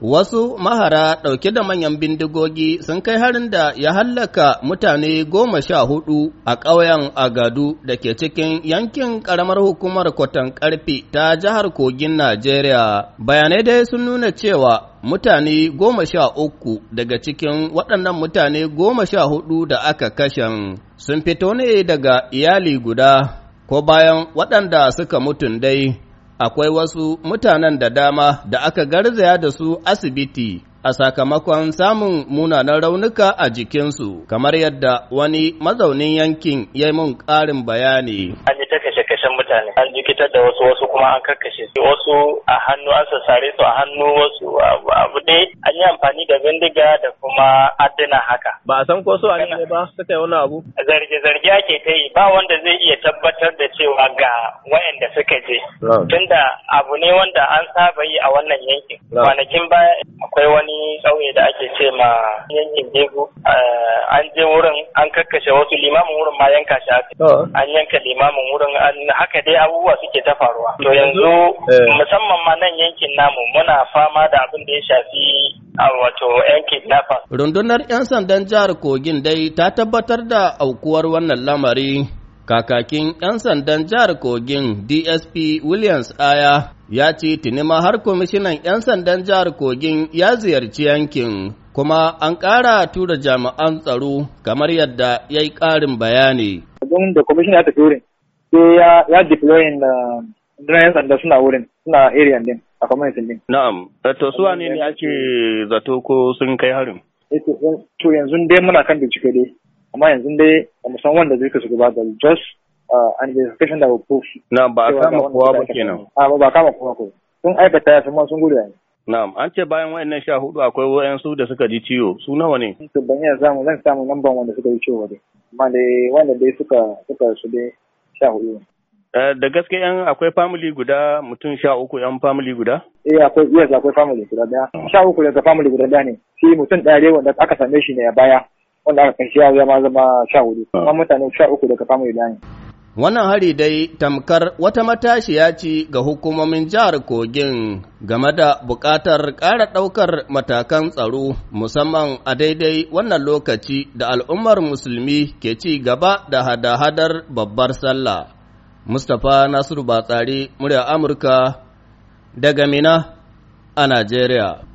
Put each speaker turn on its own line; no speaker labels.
Wasu mahara ɗauke da manyan bindigogi sun kai harin da ya hallaka mutane goma sha hudu a ƙauyen Agadu da ke cikin yankin ƙaramar hukumar Kwatan Ƙarfi ta jihar Kogin Najeriya. Bayanai dai sun nuna cewa mutane goma sha uku daga cikin waɗannan mutane goma sha hudu da aka kashen sun fito ne daga iyali guda ko bayan waɗanda suka mutun dai. akwai wasu mutanen da dama da aka garzaya da su asibiti a sakamakon samun munanan raunuka a jikinsu, kamar yadda wani mazaunin yankin ya yi mun ƙarin bayani.
mutane an jikitar da wasu wasu kuma an karkashe su wasu a hannu an sassare su a hannu wasu abu dai an yi amfani da bindiga da kuma adina haka
ba a san ko su
ne ba suka yi wani abu
zarge zarge ake ta yi ba wanda zai iya tabbatar da cewa ga wayanda suka je tunda abu ne wanda an saba yi a wannan yankin kwanakin baya akwai wani ƙauye da ake ce ma yankin begu eh, an je wurin an karkashe wasu limamin wurin ma yanka shi an yanka limamin wurin an haka haka dai abubuwa suke ta faruwa to yanzu eh. musamman ma nan yankin namu muna fama da abin da ya shafi a wato yankin nafa
rundunar 'yan sandan jihar kogin dai ta tabbatar da aukuwar wannan lamari kakakin 'yan sandan jihar kogin dsp williams aya ya ce tinima har kwamishinan 'yan sandan jihar kogin ya ziyarci yankin kuma an ƙara tura jami'an tsaro kamar yadda ya yi ƙarin bayani.
da ya tafi
sai ya ya
deploying Drive sanda suna wurin suna area din a community din.
Na'am, eh, to su
ne ne ake zato ko sun kai harin?
Eh, eh, to yanzu dai muna kan bincike dai, amma yanzu dai ba mu san wanda zai kasu gaba da just uh, an investigation da proof.
Na ba
a kama kowa ba kenan.
Ah, a ba kama kowa ko. Sun aikata ya sun sun gudu yanzu.
Na'am,
an ce bayan wayannan sha hudu akwai wayansu da suka ji ciwo, su nawa ne?
To ban iya samu zan samu lambar wanda suka ji ciwo dai. Amma dai wanda dai suka suka su dai sha hudu
eh, da gaske yan akwai family guda mutum sha uku yan family guda?
Eh akwai yes akwai family guda daya. Sha uku daga family guda daya ne. Shi mutum daya ne wanda aka same shi ne a baya wanda aka kashe ya zama zama sha hudu. Ah. Amma mutane sha uku daga family daya ne.
Wannan hari dai tamkar wata matashiya ce ga hukumomin jihar Kogin game da buƙatar ƙara ɗaukar matakan tsaro musamman a daidai wannan lokaci da al'ummar musulmi ke ci gaba da hada-hadar babbar sallah. Mustapha Nasiru Batsari, murya Amurka, daga Mina a Najeriya.